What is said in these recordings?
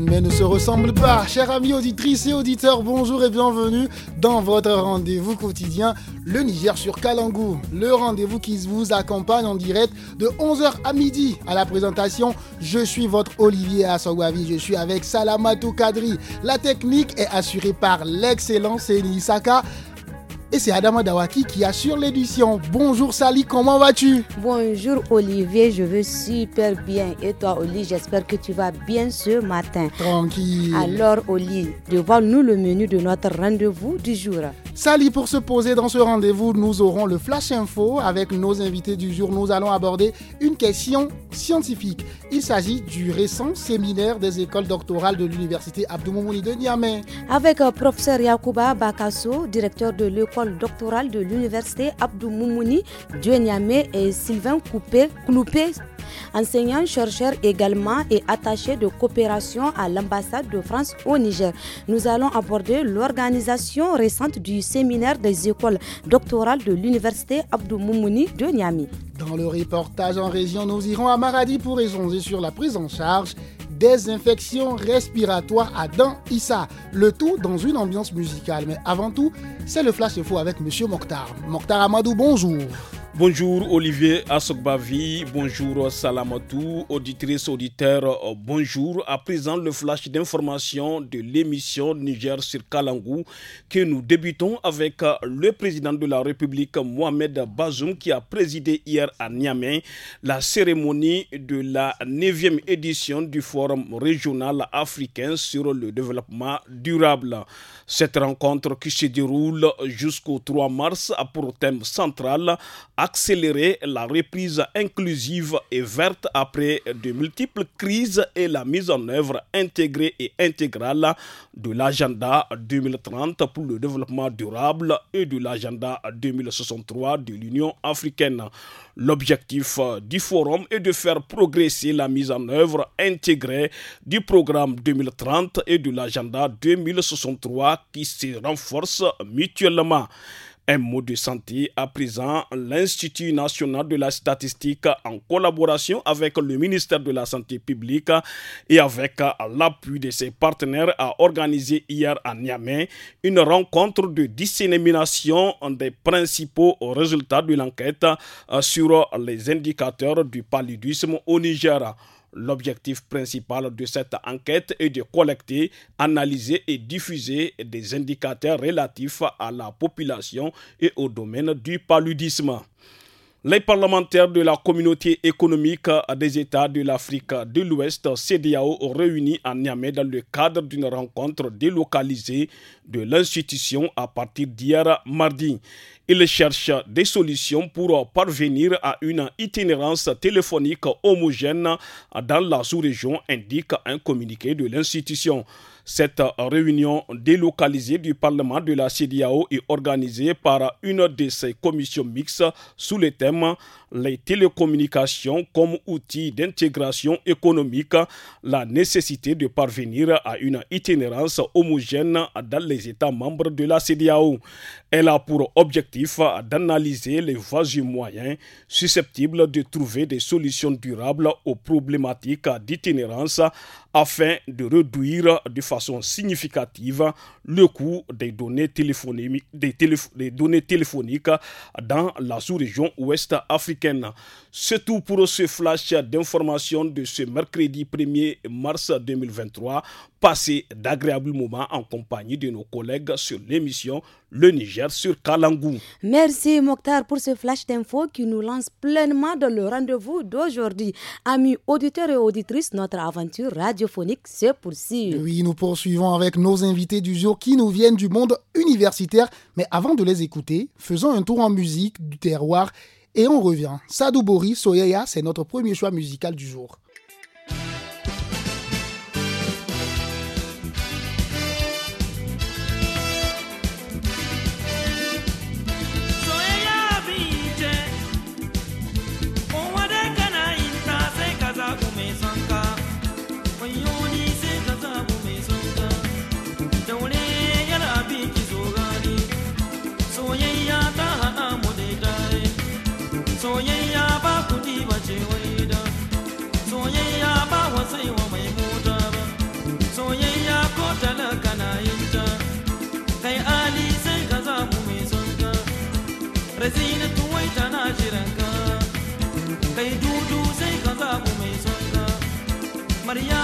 mais ne se ressemblent pas. Chers amis auditrices et auditeurs, bonjour et bienvenue dans votre rendez-vous quotidien, le Niger sur Kalangou. Le rendez-vous qui vous accompagne en direct de 11h à midi. À la présentation, je suis votre Olivier Assogwavi, je suis avec Salamatou Kadri. La technique est assurée par l'excellent Séni et c'est Adama Dawaki qui assure l'édition. Bonjour Sally, comment vas-tu Bonjour Olivier, je vais super bien. Et toi Oli, j'espère que tu vas bien ce matin. Tranquille. Alors Oli, devons-nous le menu de notre rendez-vous du jour Sally, pour se poser dans ce rendez-vous, nous aurons le Flash Info. Avec nos invités du jour, nous allons aborder une question scientifique. Il s'agit du récent séminaire des écoles doctorales de l'université Moumouni de Niamey. Avec le euh, professeur Yacouba Bakasso, directeur de l'école doctorale de l'université Moumouni de Niamey et Sylvain Coupé, Cloupé, enseignant, chercheur également et attaché de coopération à l'ambassade de France au Niger. Nous allons aborder l'organisation récente du séminaire des écoles doctorales de l'université Abdou Moumouni de Niamey. Dans le reportage en région, nous irons à Maradi pour échanger sur la prise en charge des infections respiratoires à dents Issa. Le tout dans une ambiance musicale. Mais avant tout, c'est le Flash Info avec Monsieur Mokhtar. Mokhtar Amadou, bonjour. Bonjour Olivier Asokbavi, bonjour Salamatou, auditrice, auditeur, euh, bonjour. À présent, le flash d'information de l'émission Niger sur Kalangou que nous débutons avec euh, le président de la République Mohamed Bazoum qui a présidé hier à Niamey la cérémonie de la 9e édition du Forum régional africain sur le développement durable. Cette rencontre qui se déroule jusqu'au 3 mars a pour thème central accélérer la reprise inclusive et verte après de multiples crises et la mise en œuvre intégrée et intégrale de l'agenda 2030 pour le développement durable et de l'agenda 2063 de l'Union africaine. L'objectif du forum est de faire progresser la mise en œuvre intégrée du programme 2030 et de l'agenda 2063 qui se renforcent mutuellement. Un mot de santé à présent, l'Institut national de la statistique en collaboration avec le ministère de la Santé publique et avec l'appui de ses partenaires a organisé hier à Niamey une rencontre de dissémination des principaux résultats de l'enquête euh, sur les indicateurs du paludisme au Niger. L'objectif principal de cette enquête est de collecter, analyser et diffuser des indicateurs relatifs à la population et au domaine du paludisme. Les parlementaires de la communauté économique des États de l'Afrique de l'Ouest, CDAO, réunis à Niamey dans le cadre d'une rencontre délocalisée de l'institution à partir d'hier mardi. Ils cherchent des solutions pour parvenir à une itinérance téléphonique homogène dans la sous-région, indique un communiqué de l'institution. Cette réunion délocalisée du Parlement de la CDAO est organisée par une de ses commissions mixtes sous le thème les télécommunications comme outil d'intégration économique, la nécessité de parvenir à une itinérance homogène dans les États membres de la CDAO. Elle a pour objectif d'analyser les voies et moyens susceptibles de trouver des solutions durables aux problématiques d'itinérance afin de réduire de façon significative le coût des données téléphoniques, des données téléphoniques dans la sous-région ouest africaine. C'est tout pour ce flash d'information de ce mercredi 1er mars 2023. Passez d'agréables moments en compagnie de nos collègues sur l'émission Le Niger sur Kalangou. Merci Mokhtar pour ce flash d'infos qui nous lance pleinement dans le rendez-vous d'aujourd'hui. Amis auditeurs et auditrices, notre aventure radiophonique se poursuit. Oui, nous poursuivons avec nos invités du jour qui nous viennent du monde universitaire. Mais avant de les écouter, faisons un tour en musique du terroir et on revient. Sadou Bori, Soyeya, c'est notre premier choix musical du jour. Maria.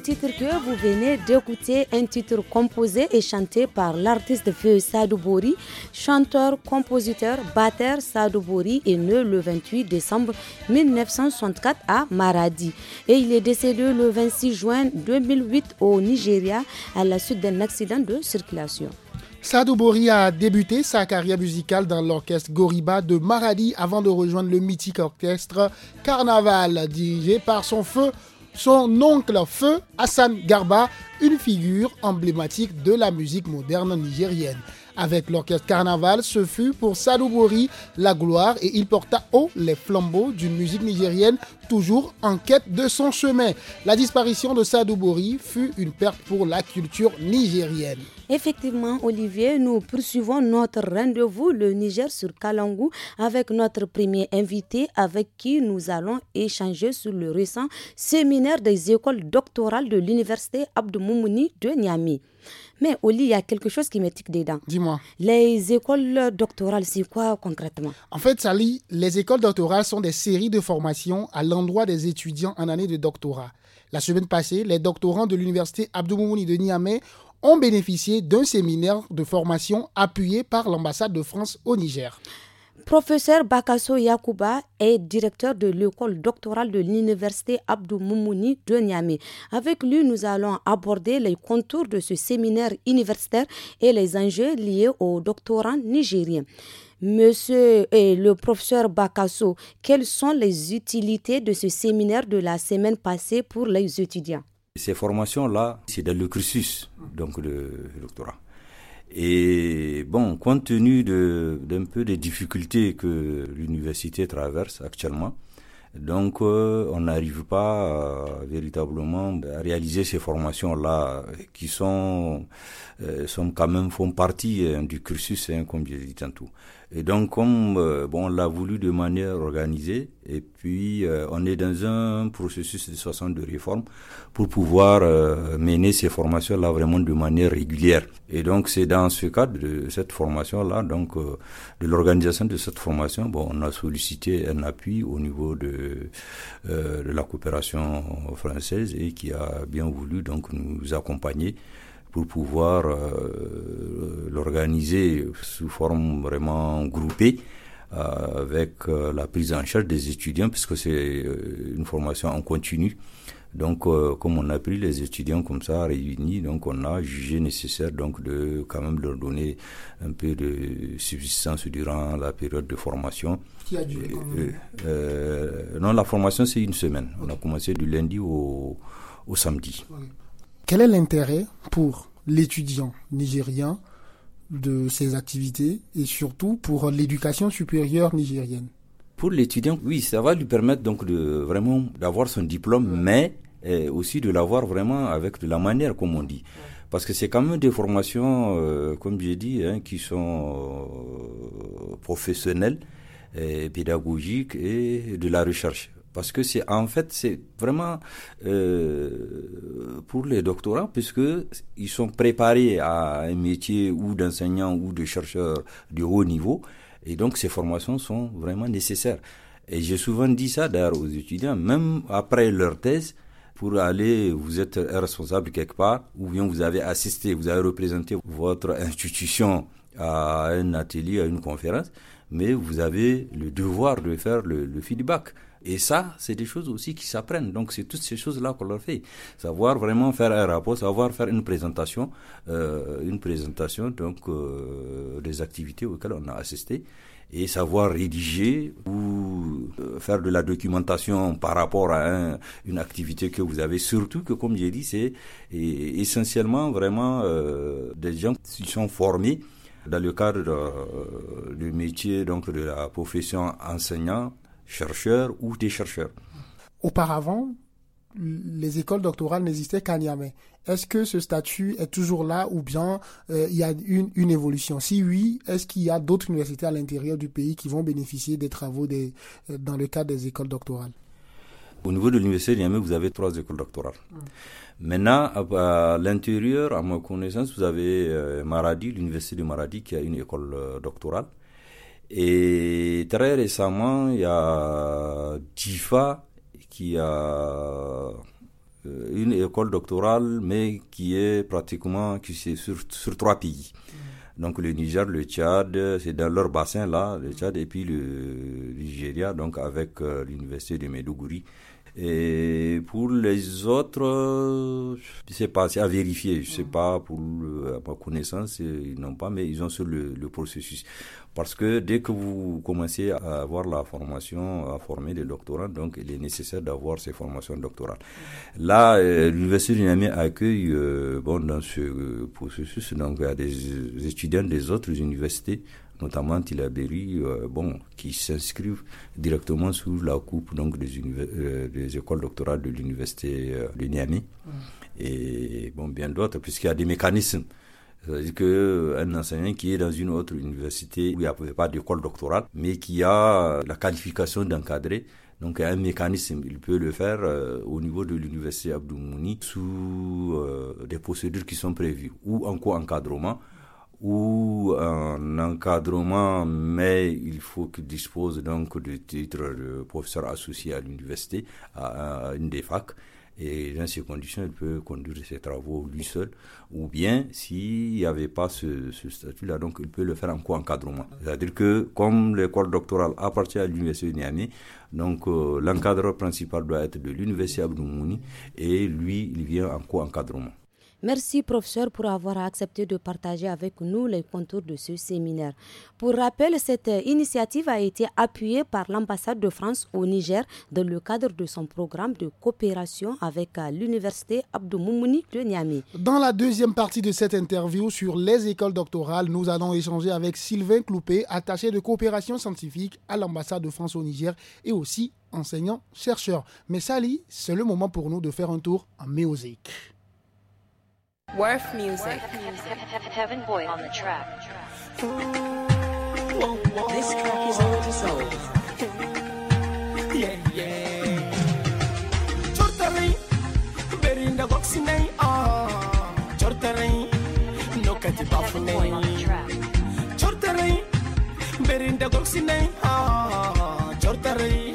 titre que vous venez d'écouter, un titre composé et chanté par l'artiste feu Sadoubori, chanteur, compositeur, batteur Sadoubori est né le 28 décembre 1964 à Maradi et il est décédé le 26 juin 2008 au Nigeria à la suite d'un accident de circulation. Sadou Bori a débuté sa carrière musicale dans l'orchestre Goriba de Maradi avant de rejoindre le mythique orchestre Carnaval dirigé par son feu son oncle Feu Hassan Garba, une figure emblématique de la musique moderne nigérienne. Avec l'orchestre Carnaval, ce fut pour Sadoubori la gloire et il porta haut les flambeaux d'une musique nigérienne toujours en quête de son chemin. La disparition de Sadoubori fut une perte pour la culture nigérienne. Effectivement, Olivier, nous poursuivons notre rendez-vous, le Niger sur Kalangou, avec notre premier invité avec qui nous allons échanger sur le récent séminaire des écoles doctorales de l'université Abdou Moumouni de Niamey. Mais Oli, il y a quelque chose qui me tique dedans. Dis-moi. Les écoles doctorales, c'est quoi concrètement En fait, Sally, les écoles doctorales sont des séries de formations à l'endroit des étudiants en année de doctorat. La semaine passée, les doctorants de l'université Abdou Moumouni de Niamey ont bénéficié d'un séminaire de formation appuyé par l'ambassade de France au Niger. Professeur Bakasso Yakuba est directeur de l'école doctorale de l'université Abdou Moumouni de Niamey. Avec lui, nous allons aborder les contours de ce séminaire universitaire et les enjeux liés au doctorat nigérien. Monsieur et le professeur Bakasso, quelles sont les utilités de ce séminaire de la semaine passée pour les étudiants ces formations-là, c'est dans le cursus donc de doctorat. Et bon, compte tenu d'un peu des difficultés que l'université traverse actuellement, donc euh, on n'arrive pas euh, véritablement à réaliser ces formations-là euh, qui sont, sont quand même font partie hein, du cursus, hein, comme je l'ai dit tantôt. Et donc, comme euh, bon, on l'a voulu de manière organisée, et puis euh, on est dans un processus de 62 réformes pour pouvoir euh, mener ces formations-là vraiment de manière régulière. Et donc, c'est dans ce cadre de cette formation-là, donc de l'organisation de cette formation, bon, on a sollicité un appui au niveau de, de la coopération française et qui a bien voulu donc nous accompagner pour pouvoir euh, l'organiser sous forme vraiment groupée euh, avec euh, la prise en charge des étudiants puisque c'est une formation en continu. Donc, comme on a pris les étudiants comme ça réunis, donc on a jugé nécessaire donc de quand même leur donner un peu de subsistance durant la période de formation. Qui a duré Non, la formation c'est une semaine. On a commencé du lundi au, au samedi. Quel est l'intérêt pour l'étudiant nigérien de ces activités et surtout pour l'éducation supérieure nigérienne Pour l'étudiant, oui, ça va lui permettre donc de vraiment d'avoir son diplôme, mais eh, aussi de l'avoir vraiment avec de la manière, comme on dit. Parce que c'est quand même des formations, euh, comme j'ai dit, hein, qui sont euh, professionnelles, eh, pédagogiques et de la recherche. Parce que c'est en fait c'est vraiment euh, pour les doctorants puisque ils sont préparés à un métier ou d'enseignant ou de chercheur de haut niveau et donc ces formations sont vraiment nécessaires. Et j'ai souvent dit ça d'ailleurs aux étudiants, même après leur thèse, pour aller, vous êtes responsable quelque part, ou bien vous avez assisté, vous avez représenté votre institution à un atelier, à une conférence, mais vous avez le devoir de faire le feedback. Et ça, c'est des choses aussi qui s'apprennent. Donc, c'est toutes ces choses-là qu'on leur fait. Savoir vraiment faire un rapport, savoir faire une présentation, euh, une présentation donc euh, des activités auxquelles on a assisté et savoir rédiger ou euh, faire de la documentation par rapport à une activité que vous avez. Surtout que, comme j'ai dit, c'est e-, essentiellement vraiment des gens qui sont formés dans le cadre du métier, donc de la profession enseignant chercheurs ou des chercheurs. Auparavant, les écoles doctorales n'existaient qu'à Niamey. Est-ce que ce statut est toujours là ou bien euh, il y a une, une évolution Si oui, est-ce qu'il y a d'autres universités à l'intérieur du pays qui vont bénéficier des travaux des, euh, dans le cadre des écoles doctorales Au niveau de l'université de Niamey, vous avez trois écoles doctorales. Maintenant, à, l'intérieur, à ma connaissance, vous avez euh, Maradi, l'université de Maradi qui a une école doctorale. Et très récemment, il y a Tifa qui a euh, une école doctorale, mais qui est pratiquement qui c'est sur, sur trois pays. Mm. Donc le Niger, le Tchad, c'est dans leur bassin là, le Tchad, et puis le Nigeria, donc avec euh, l'université de Medouguri. Et pour les autres, je sais pas, c'est à vérifier, je sais mm. pas, pour euh, ma connaissance, ils n'ont pas, mais ils ont sur le, le processus. Parce que dès que vous commencez à avoir la formation, à former des doctorants, donc il est nécessaire d'avoir ces formations doctorales. Là, euh, l'Université de Niamey accueille, euh, bon, dans ce processus, donc, des étudiants des autres universités, notamment Tilaberi, euh, bon, qui s'inscrivent directement sous la coupe donc, des, des écoles doctorales de l'Université de Niamey. Mmh. Et bon, bien d'autres, puisqu'il y a des mécanismes c'est-à-dire qu'un euh, enseignant qui est dans une autre université où il n'y a pas d'école doctorale, mais qui a euh, la qualification d'encadrer, donc un mécanisme, il peut le faire euh, au niveau de l'université Abdoumouni sous des procédures qui sont prévues, ou en co-encadrement, ou un encadrement, mais il faut qu'il dispose donc du titre de professeur associé à l'université, à, à une des facs. Et dans ces conditions, il peut conduire ses travaux lui seul. Ou bien, s'il n'y avait pas ce, statut-là, donc il peut le faire en co-encadrement. C'est-à-dire que, comme le corps doctoral appartient à l'université de Niamey, donc euh, l'encadreur principal doit être de l'université Abdoumouni et lui, il vient en co-encadrement. Merci professeur pour avoir accepté de partager avec nous les contours de ce séminaire. Pour rappel, cette initiative a été appuyée par l'ambassade de France au Niger dans le cadre de son programme de coopération avec euh, l'université Abdou Moumouni de Niamey. Dans la deuxième partie de cette interview sur les écoles doctorales, nous allons échanger avec Sylvain Cloupé, attaché de coopération scientifique à l'ambassade de France au Niger et aussi enseignant-chercheur. Mais Sally, c'est le moment pour nous de faire un tour en méosique. Worth music. Heaven boy on the track. This track is old as old. Yeah, yeah. Chortarai, berinda boxinai ah. Chortarai, no kati bafunai. Chortarai, berinda boxinai ah. Chortarai,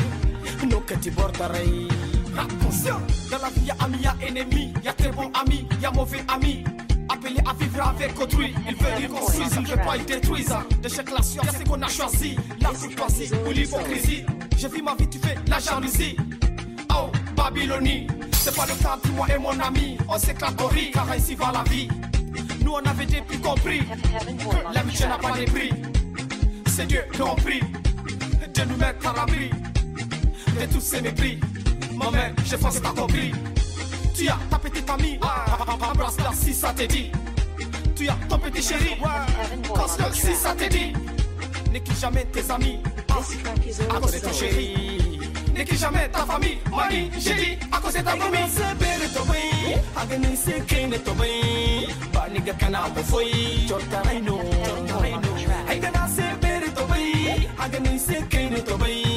no kati bortarai. dans la vie, y'a ami, y'a ennemi, y'a très bon y a mauvais amis Appelé à vivre avec autrui, il veut qu'ils construire il veut pas le détruisent. De chaque nation, c'est ce qu'on a choisi, la courtoisie ou l'hypocrisie. Je vis ma vie, tu fais la jalousie. Oh, Babylonie, c'est pas le cas, de moi et mon ami, on s'éclate au riz, car ici va la vie. Nous on avait depuis compris que l'amitié n'a pas de prix. C'est Dieu qui en prie de nous mettre à l'abri de tous ces mépris maman, je pense que t'as compris. Tu as ta petite amie, ah. embrasse-la si ça te dit. Tu as ton petit chéri, casse-le si ça te dit. N'écris jamais tes amis, à cause de ton chéri. jamais ta famille, mani, j'ai dit, à cause de ta famille. ce ton c'est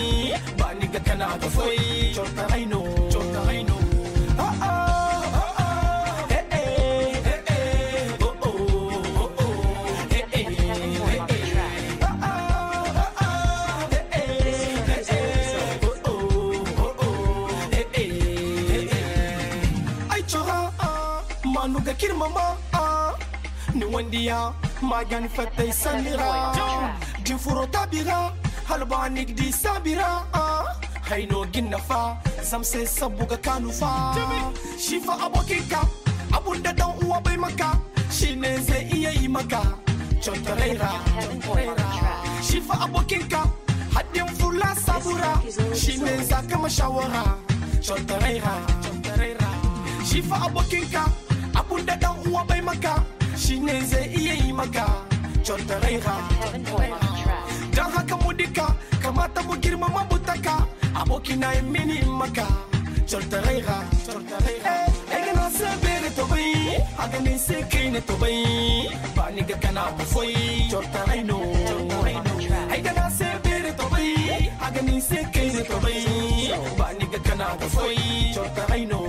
diga kana haka foi chota haino chota haino oh oh manuga kirmama ni wandiya magani fatai samira jin furo tabira halbanik di sabira ah. haino ginnafa zam sai sabuga kanufa shi fa shifa abokinka abunda dan uwa bai maka shine zai iya yi maka chotoreira shi fa abokinka haddin fula sabura shine za ka mashawara chotoreira shifa fa abokinka abunda dan uwa bai maka shine zai iya yi maka jonta raiha don haka mu duka kamata mu girmama butaka aboki na mini maka jonta raiha ega na se bere to bai aga ni se kai to bai ba ni ga kana bu foi jonta raino ega na se bere to bai aga ni se kai to bai ba ni kana bu foi jonta raino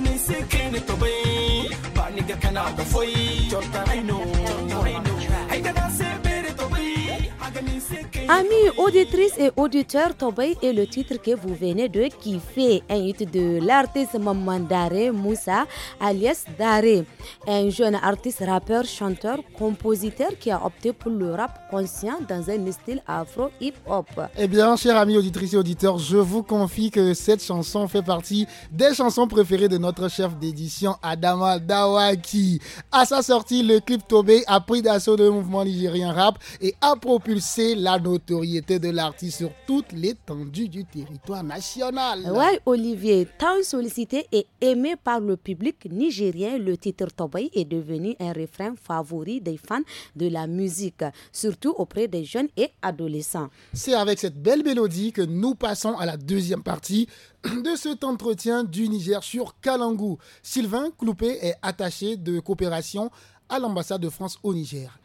I sai kai ga I know Amis auditrices et auditeurs, Tobey est le titre que vous venez de kiffer, un hit de l'artiste Dare Moussa, alias Dare, un jeune artiste, rappeur, chanteur, compositeur qui a opté pour le rap conscient dans un style afro-hip-hop. Eh bien, chers amis auditrices et auditeurs, je vous confie que cette chanson fait partie des chansons préférées de notre chef d'édition Adama Dawaki. À sa sortie, le clip Tobey a pris d'assaut le mouvement nigérien rap et a propulsé la notion notoriété de l'artiste sur toute l'étendue du territoire national. Oui, Olivier, tant sollicité et aimé par le public nigérien, le titre Tobay est devenu un refrain favori des fans de la musique, surtout auprès des jeunes et adolescents. C'est avec cette belle mélodie que nous passons à la deuxième partie de cet entretien du Niger sur Kalangou. Sylvain Cloupé est attaché de coopération à l'ambassade de France au Niger.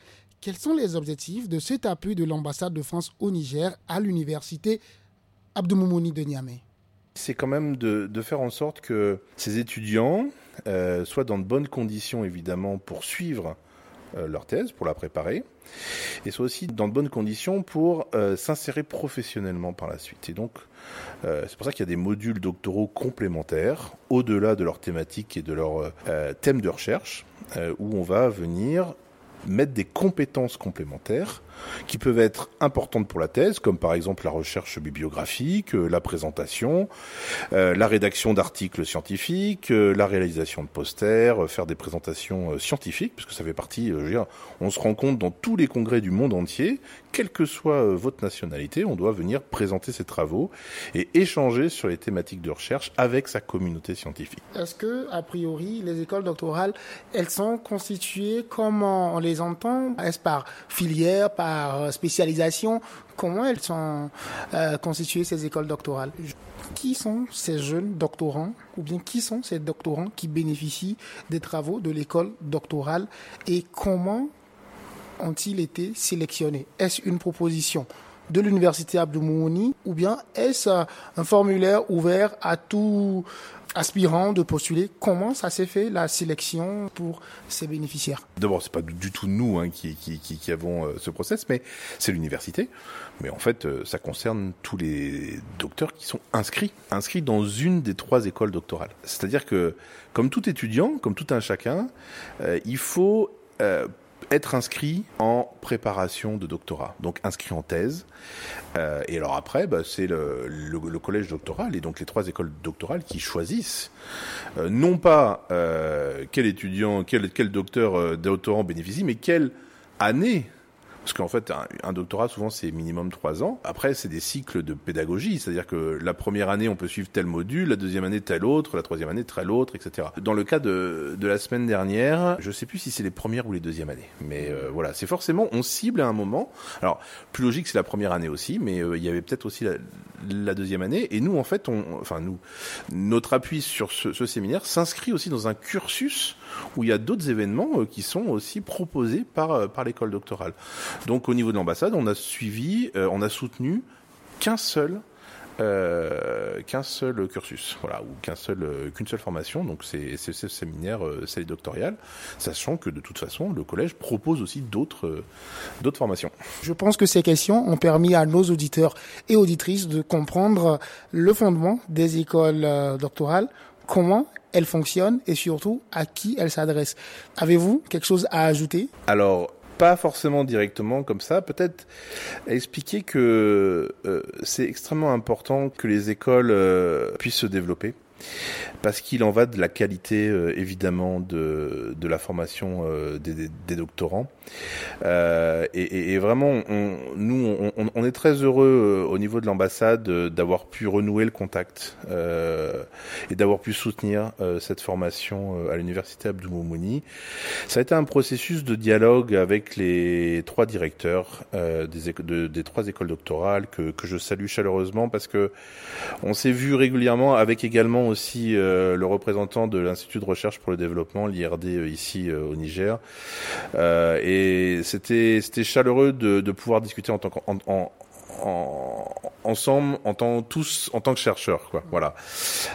Quels sont les objectifs de cet appui de l'ambassade de France au Niger à l'université Moumouni de Niamey C'est quand même de, faire en sorte que ces étudiants euh, soient dans de bonnes conditions, évidemment, pour suivre euh, leur thèse, pour la préparer, et soient aussi dans de bonnes conditions pour euh, s'insérer professionnellement par la suite. Et donc, c'est pour ça qu'il y a des modules doctoraux complémentaires, au-delà de leur thématique et de leur thème de recherche, où on va venir mettre des compétences complémentaires qui peuvent être importantes pour la thèse, comme par exemple la recherche bibliographique, euh, la présentation, euh, la rédaction d'articles scientifiques, euh, la réalisation de posters, faire des présentations scientifiques, puisque ça fait partie, je veux dire, on se rend compte dans tous les congrès du monde entier, quelle que soit votre nationalité, on doit venir présenter ses travaux et échanger sur les thématiques de recherche avec sa communauté scientifique. Est-ce que, a priori, les écoles doctorales, elles sont constituées comment on les entend Est-ce par filière, par euh, spécialisation, comment elles sont euh, constituées ces écoles doctorales Qui sont ces jeunes doctorants ou bien qui sont ces doctorants qui bénéficient des travaux de l'école doctorale et comment ont-ils été sélectionnés Est-ce une proposition de l'université Abdou ou bien est-ce un formulaire ouvert à tout Aspirant de postuler. Comment ça s'est fait la sélection pour ces bénéficiaires D'abord, c'est pas du tout nous hein, qui, qui, avons euh, ce process, mais c'est l'université. Mais en fait, euh, ça concerne tous les docteurs qui sont inscrits, inscrits dans une des trois écoles doctorales. C'est-à-dire que, comme tout étudiant, comme tout un chacun, euh, il faut être inscrit en préparation de doctorat, donc inscrit en thèse. Euh, et alors après, bah, c'est le, collège doctoral et donc les trois écoles doctorales qui choisissent euh, non pas euh, quel étudiant, quel, quel docteur doctorant bénéficie, mais quelle année parce qu'en fait, un, doctorat, souvent, c'est minimum trois ans. Après, c'est des cycles de pédagogie, c'est-à-dire que la première année, on peut suivre tel module, la deuxième année, tel autre, la troisième année, tel autre, etc. Dans le cas de, de la semaine dernière, je sais plus si c'est les premières ou les deuxièmes années, mais euh, voilà, c'est forcément, on cible à un moment. Alors, plus logique, c'est la première année aussi, mais euh, il y avait peut-être aussi la, la, deuxième année. Et nous, en fait, on, enfin nous, notre appui sur ce, ce séminaire s'inscrit aussi dans un cursus où il y a d'autres événements euh, qui sont aussi proposés par, euh, par l'école doctorale. Donc au niveau de l'ambassade, on a suivi, euh, on a soutenu qu'un seul euh, qu'un seul cursus, voilà, ou qu'un seul, qu'une seule formation. Donc c'est ce séminaire, euh, c'est sachant que de toute façon le collège propose aussi d'autres, d'autres formations. Je pense que ces questions ont permis à nos auditeurs et auditrices de comprendre le fondement des écoles doctorales, comment elle fonctionne et surtout à qui elle s'adresse. Avez-vous quelque chose à ajouter Alors, pas forcément directement comme ça, peut-être expliquer que euh, c'est extrêmement important que les écoles euh, puissent se développer parce qu'il en va de la qualité euh, évidemment de, la formation des, doctorants, euh, et, vraiment, nous, on, est très heureux euh, au niveau de l'ambassade euh, d'avoir pu renouer le contact et d'avoir pu soutenir cette formation à l'université Abdou Moumouni. Ça a été un processus de dialogue avec les trois directeurs des, des, trois écoles doctorales que, que, je salue chaleureusement parce que on s'est vu régulièrement avec également aussi le représentant de l'Institut de recherche pour le développement, l'IRD ici au Niger. et et c'était chaleureux de, pouvoir discuter en tant qu'en ensemble en tant tous en tant que chercheurs quoi voilà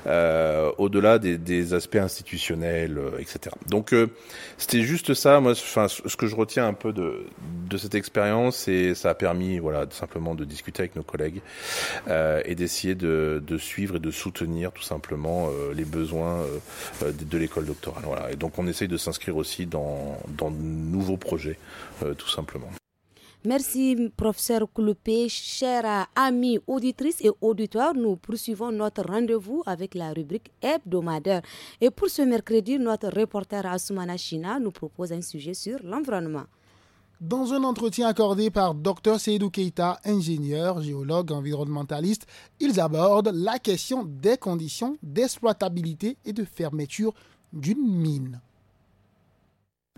euh, au-delà des, aspects institutionnels euh, etc donc euh, c'était juste ça moi enfin ce que je retiens un peu de de cette expérience et ça a permis voilà simplement de discuter avec nos collègues et d'essayer de, suivre et de soutenir tout simplement les besoins de, de l'école doctorale voilà et donc on essaye de s'inscrire aussi dans dans de nouveaux projets tout simplement Merci, professeur Kouloupé, chers amis auditrices et auditeurs. Nous poursuivons notre rendez-vous avec la rubrique hebdomadaire. Et pour ce mercredi, notre reporter Asumana China nous propose un sujet sur l'environnement. Dans un entretien accordé par Dr Seydou Keita, ingénieur, géologue, environnementaliste, ils abordent la question des conditions d'exploitabilité et de fermeture d'une mine.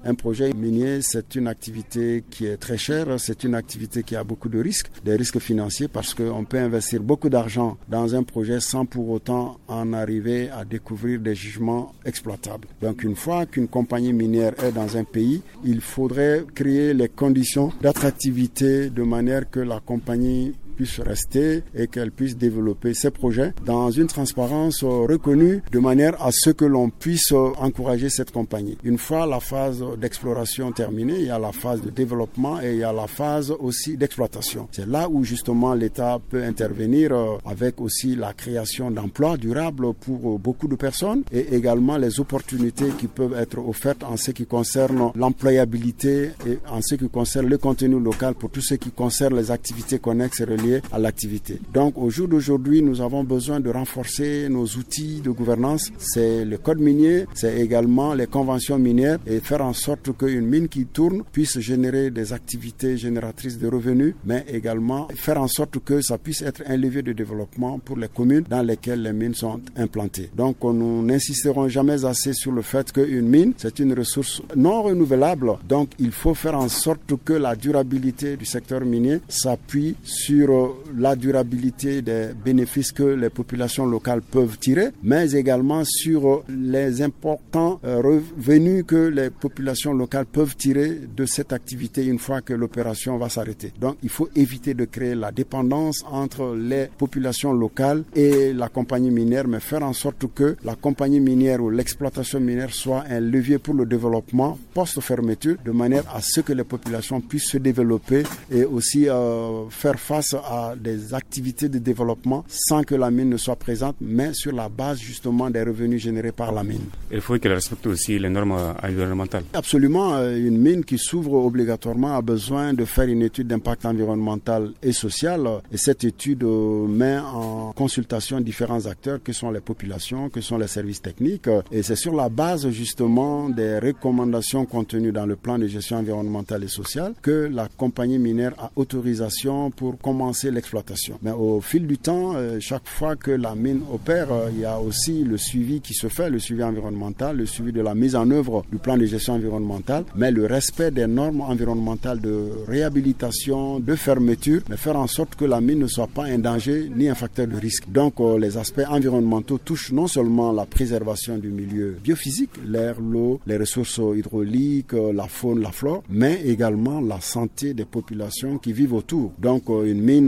Un projet minier, c'est une activité qui est très chère, c'est une activité qui a beaucoup de risques, des risques financiers parce qu'on peut investir beaucoup d'argent dans un projet sans pour autant en arriver à découvrir des jugements exploitables. Donc une fois qu'une compagnie minière est dans un pays, il faudrait créer les conditions d'attractivité de manière que la compagnie puisse rester et qu'elle puisse développer ses projets dans une transparence euh, reconnue de manière à ce que l'on puisse euh, encourager cette compagnie. Une fois la phase d'exploration terminée, il y a la phase de développement et il y a la phase aussi d'exploitation. C'est là où justement l'État peut intervenir euh, avec aussi la création d'emplois durables pour beaucoup de personnes et également les opportunités qui peuvent être offertes en ce qui concerne l'employabilité et en ce qui concerne le contenu local pour tout ce qui concerne les activités connexes et reliées à l'activité. Donc au jour d'aujourd'hui, nous avons besoin de renforcer nos outils de gouvernance. C'est le code minier, c'est également les conventions minières et faire en sorte qu'une mine qui tourne puisse générer des activités génératrices de revenus, mais également faire en sorte que ça puisse être un levier de développement pour les communes dans lesquelles les mines sont implantées. Donc nous n'insisterons jamais assez sur le fait qu'une mine, c'est une ressource non renouvelable. Donc il faut faire en sorte que la durabilité du secteur minier s'appuie sur la durabilité des bénéfices que les populations locales peuvent tirer, mais également sur les importants euh, revenus que les populations locales peuvent tirer de cette activité une fois que l'opération va s'arrêter. Donc il faut éviter de créer la dépendance entre les populations locales et la compagnie minière, mais faire en sorte que la compagnie minière ou l'exploitation minière soit un levier pour le développement post-fermeture, de manière à ce que les populations puissent se développer et aussi euh, faire face à des activités de développement sans que la mine ne soit présente, mais sur la base justement des revenus générés par la mine. Il faut qu'elle respecte aussi les normes environnementales. Absolument, euh, une mine qui s'ouvre obligatoirement a besoin de faire une étude d'impact environnemental et social. Euh, et cette étude euh, met en consultation différents acteurs que sont les populations, que sont les services techniques. Et c'est sur la base justement des recommandations contenues dans le plan de gestion environnementale et sociale que la compagnie minière a autorisation pour commencer l'exploitation. Mais au fil du temps, euh, chaque fois que la mine opère, euh, il y a aussi le suivi qui se fait, le suivi environnemental, le suivi de la mise en œuvre du plan de gestion environnementale, mais le respect des normes environnementales de réhabilitation, de fermeture, mais faire en sorte que la mine ne soit pas un danger ni un facteur de risque. Donc euh, les aspects environnementaux touchent non seulement la préservation du milieu biophysique, l'air, l'eau, les ressources hydrauliques, la faune, la flore, mais également la santé des populations qui vivent autour. Donc une mine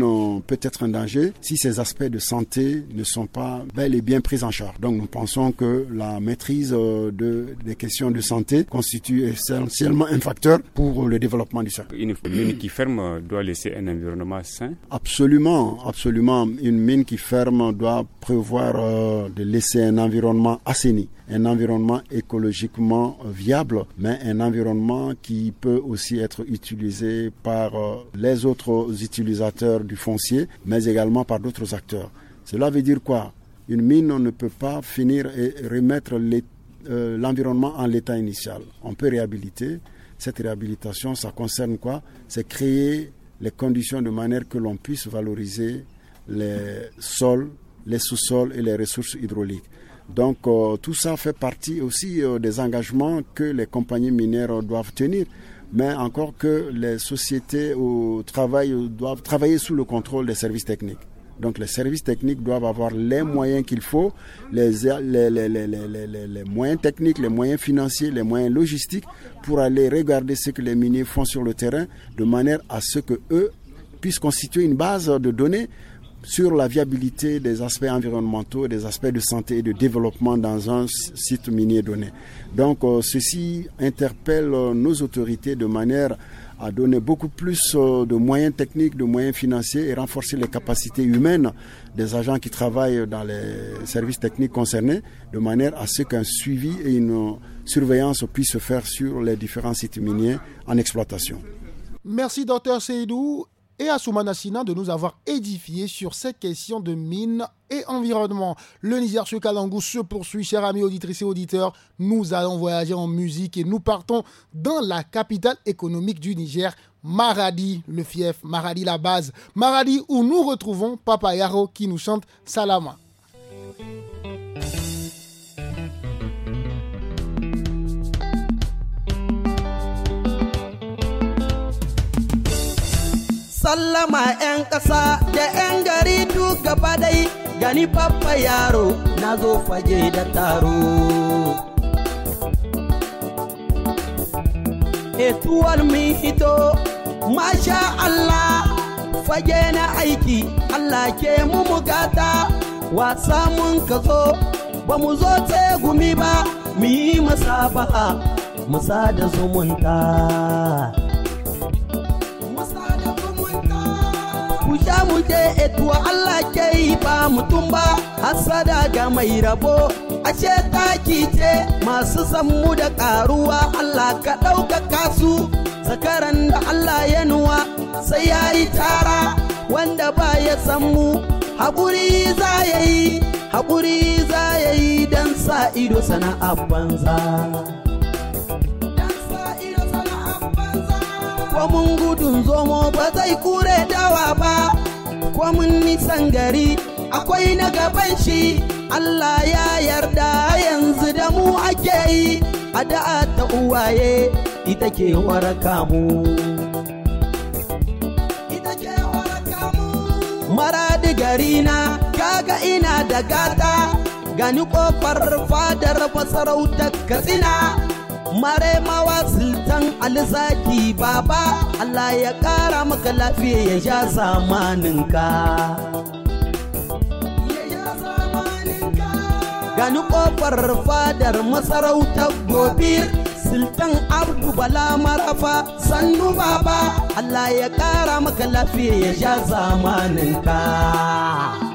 peut être un danger si ces aspects de santé ne sont pas bel et bien pris en charge. Donc nous pensons que la maîtrise euh, de, des questions de santé constitue essentiellement un facteur pour le développement du cercle. Une mine qui ferme doit laisser un environnement sain Absolument, absolument. Une mine qui ferme doit prévoir euh, de laisser un environnement assaini, un environnement écologiquement euh, viable, mais un environnement qui peut aussi être utilisé par les autres utilisateurs du foncier, mais également par d'autres acteurs. Cela veut dire quoi Une mine, on ne peut pas finir et remettre euh, l'environnement en l'état initial. On peut réhabiliter. Cette réhabilitation, ça concerne quoi C'est créer les conditions de manière que l'on puisse valoriser les sols, les sous-sols et les ressources hydrauliques. Donc euh, tout ça fait partie aussi euh, des engagements que les compagnies minières doivent tenir mais encore que les sociétés au travail doivent travailler sous le contrôle des services techniques. Donc les services techniques doivent avoir les moyens qu'il faut, les, moyens techniques, les moyens financiers, les moyens logistiques pour aller regarder ce que les miniers font sur le terrain de manière à ce que eux puissent constituer une base de données sur la viabilité des aspects environnementaux, des aspects de santé et de développement dans un site minier donné. Donc euh, ceci interpelle euh, nos autorités de manière à donner beaucoup plus euh, de moyens techniques, de moyens financiers et renforcer les capacités humaines des agents qui travaillent dans les services techniques concernés, de manière à ce qu'un suivi et une surveillance puissent se faire sur les différents sites miniers en exploitation. Merci, docteur Seydou et à Soumana Sina de nous avoir édifiés sur ces questions de mines et environnement. Le Niger sur Kalangou se poursuit, chers amis auditrices et auditeurs. Nous allons voyager en musique et nous partons dans la capitale économique du Niger, Maradi, le fief, Maradi la base. Maradi où nous retrouvons Papa Yaro qui nous chante Salama. sallama 'yan ƙasa da 'yan gari duk gaba dai gani babba yaro na zo fage da taro etuwar min hito masha Allah fage na aiki Allah ke mu mugata wasa mun ka zo ba mu zo gumi ba mu yi masa musa da zumunta ta mu je etuwa eh, Allah ke yi ba mutum ba hasada ga mai rabo ashe taki ce masu zammu da karuwa Allah ka ɗaukaka su sakaran da Allah ya nuwa sai ya yi tara wanda ba ya sammu haƙuri za ya yi haƙuri za ya yi don sa ido sana'a banza. komin gudun zomo ba zai kure dawa ba komin nisan gari akwai na gaban shi Allah ya yarda yanzu da mu ake yi a da'a ta uwaye ita ke waraka mu maradi gari na kaga ina da gata gani kofar fadar masarautar katsina mare mawa sultan alzaki baba Allah ya ƙara maka lafiya ya ja zamaninka gani ƙofar fadar masarautar gobi sultan abdu bala marafa sannu baba Allah ya ƙara maka lafiya ya ja ka.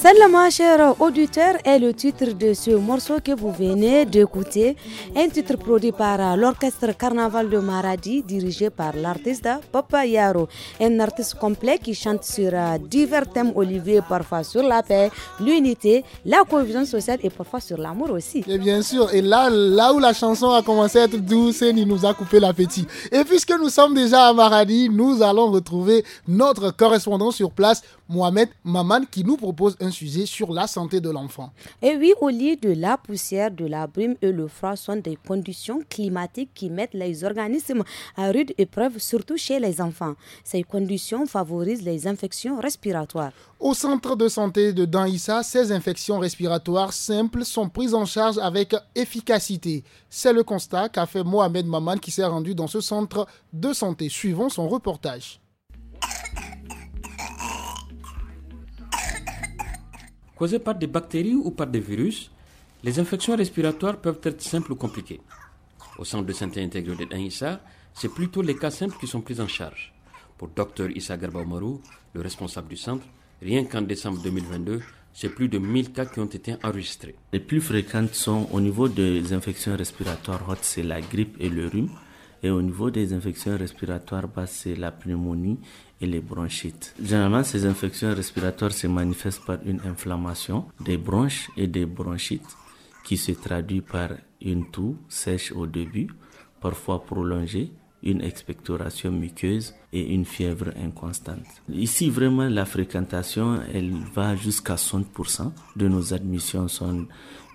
Salam, chers auditeurs, est le titre de ce morceau que vous venez d'écouter. Un titre produit par euh, l'orchestre Carnaval de Maradi, dirigé par l'artiste Papa Yaro. Un artiste complet qui chante sur euh, divers thèmes Olivier, parfois sur la paix, l'unité, la cohésion sociale et parfois sur l'amour aussi. Et bien sûr, et là, là où la chanson a commencé à être douce, il nous a coupé l'appétit. Et puisque nous sommes déjà à Maradi, nous allons retrouver notre correspondant sur place Mohamed Maman qui nous propose un sujet sur la santé de l'enfant. Et eh oui, au lieu de la poussière, de la brume et le froid sont des conditions climatiques qui mettent les organismes à rude épreuve, surtout chez les enfants. Ces conditions favorisent les infections respiratoires. Au centre de santé de Danissa, ces infections respiratoires simples sont prises en charge avec efficacité. C'est le constat qu'a fait Mohamed Maman qui s'est rendu dans ce centre de santé. suivant son reportage. causées par des bactéries ou par des virus, les infections respiratoires peuvent être simples ou compliquées. Au centre de santé intégrée de c'est plutôt les cas simples qui sont pris en charge. Pour Dr Issa Garbaumaru, le responsable du centre, rien qu'en décembre 2022, c'est plus de 1000 cas qui ont été enregistrés. Les plus fréquentes sont au niveau des infections respiratoires hautes, c'est la grippe et le rhume. Et au niveau des infections respiratoires basses, c'est la pneumonie les bronchites. Généralement, ces infections respiratoires se manifestent par une inflammation des bronches et des bronchites qui se traduit par une toux sèche au début, parfois prolongée, une expectoration muqueuse et une fièvre inconstante. Ici, vraiment, la fréquentation, elle va jusqu'à 100% De nos admissions sont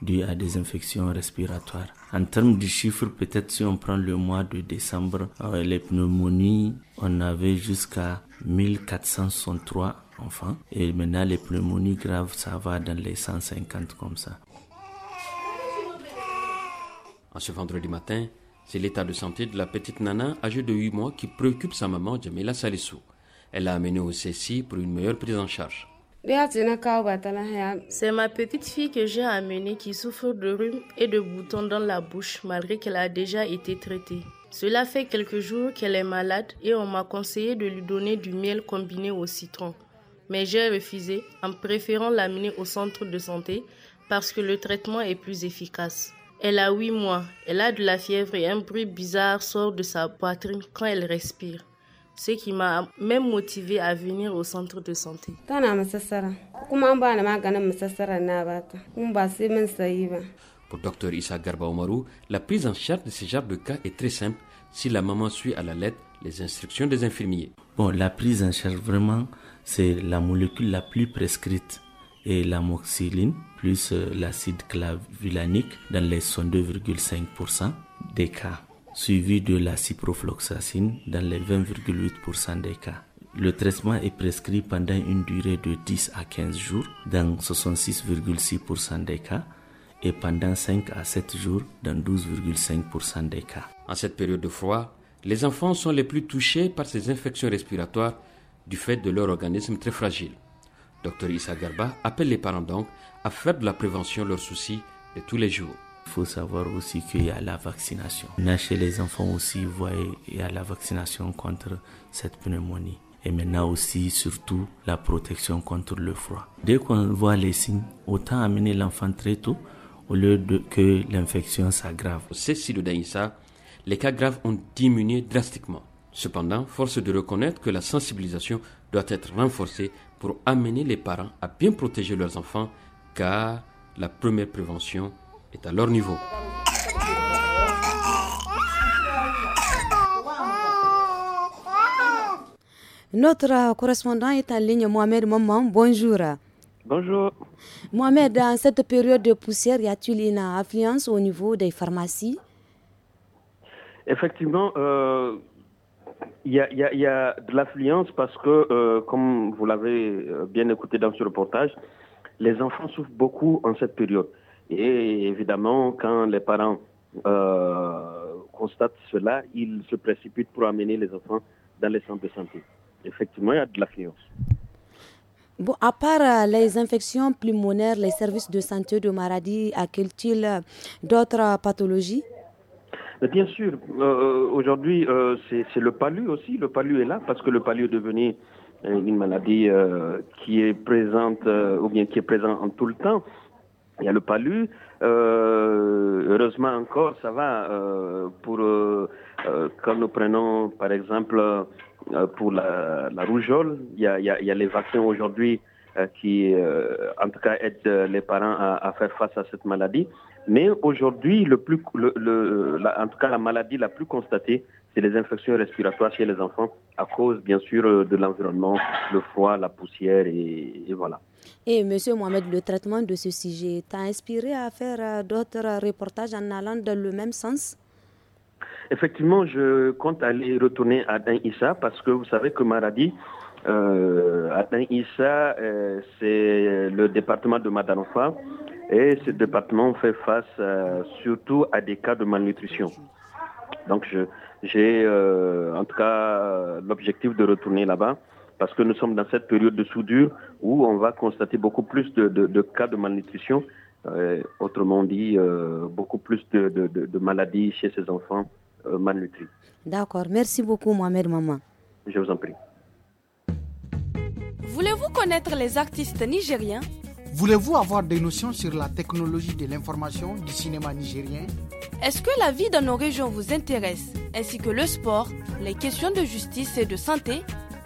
dû à des infections respiratoires. En termes de chiffres, peut-être si on prend le mois de décembre, euh, les pneumonies, on avait jusqu'à 1463 enfants. Et maintenant, les pneumonies graves, ça va dans les 150 comme ça. En ce vendredi matin, c'est l'état de santé de la petite Nana, âgée de 8 mois, qui préoccupe sa maman, Jamila Salissou. Elle l'a amenée au CECI pour une meilleure prise en charge. C'est ma petite fille que j'ai amenée qui souffre de rhume et de boutons dans la bouche malgré qu'elle a déjà été traitée. Cela fait quelques jours qu'elle est malade et on m'a conseillé de lui donner du miel combiné au citron. Mais j'ai refusé en préférant l'amener au centre de santé parce que le traitement est plus efficace. Elle a 8 mois, elle a de la fièvre et un bruit bizarre sort de sa poitrine quand elle respire ce qui m'a même motivé à venir au centre de santé. Pour Dr Issa Garba la prise en charge de ce genre de cas est très simple si la maman suit à la lettre les instructions des infirmiers. Bon, la prise en charge vraiment, c'est la molécule la plus prescrite et l'amoxyline plus euh, l'acide clavulanique dans les 62,5% des cas suivi de la ciprofloxacine dans les 20,8% des cas. Le traitement est prescrit pendant une durée de 10 à 15 jours dans 66,6% des cas et pendant 5 à 7 jours dans 12,5% des cas. En cette période de froid, les enfants sont les plus touchés par ces infections respiratoires du fait de leur organisme très fragile. Dr Issa Garba appelle les parents donc à faire de la prévention leur souci de tous les jours faut savoir aussi qu'il y a la vaccination. N'achez chez les enfants aussi, voyez, il y a la vaccination contre cette pneumonie. Et maintenant aussi, surtout, la protection contre le froid. Dès qu'on voit les signes, autant amener l'enfant très tôt au lieu de que l'infection s'aggrave. Ceci de Daïssa, les cas graves ont diminué drastiquement. Cependant, force de reconnaître que la sensibilisation doit être renforcée pour amener les parents à bien protéger leurs enfants, car la première prévention est à leur niveau. Notre correspondant est en ligne, Mohamed Maman. Bonjour. Bonjour. Mohamed, dans cette période de poussière, y a-t-il une affluence au niveau des pharmacies Effectivement, il euh, y, a, de l'affluence parce que, euh, comme vous l'avez euh, bien écouté dans ce reportage, les enfants souffrent beaucoup en cette période. Et évidemment, quand les parents euh, constatent cela, ils se précipitent pour amener les enfants dans les centres de santé. Effectivement, il y a de l'affluence. Bon, à part euh, les infections pulmonaires, les services de santé de à accueillent il d'autres pathologies euh, Bien sûr, aujourd'hui c'est le palu aussi. Le palu est là parce que le palu est devenu une maladie qui est présente ou bien qui est présente en tout le temps. Il y a le palu. Euh, heureusement encore, ça va. Euh, pour euh, quand nous prenons, par exemple, pour la, rougeole, il y a, les vaccins aujourd'hui qui, en tout cas, aident les parents à, faire face à cette maladie. Mais aujourd'hui, le plus, en tout cas, la maladie la plus constatée, c'est les infections respiratoires chez les enfants, à cause, bien sûr, de l'environnement, le froid, la poussière, et voilà. Et Monsieur Mohamed, le traitement de ce sujet t'a inspiré à faire euh, d'autres reportages en allant dans le même sens Effectivement, je compte aller retourner à Dan Issa parce que vous savez que Maradi, euh, Issa, euh, c'est le département de Madanofa et ce département fait face euh, surtout à des cas de malnutrition. Donc j'ai en tout cas l'objectif de retourner là-bas parce que nous sommes dans cette période de soudure où on va constater beaucoup plus de, cas de malnutrition, euh, autrement dit, euh, beaucoup plus de, maladies chez ces enfants euh, malnutris. D'accord, merci beaucoup Mohamed Maman. Je vous en prie. Voulez-vous connaître les artistes nigériens Voulez-vous avoir des notions sur la technologie de l'information du cinéma nigérien Est-ce que la vie dans nos régions vous intéresse, ainsi que le sport, les questions de justice et de santé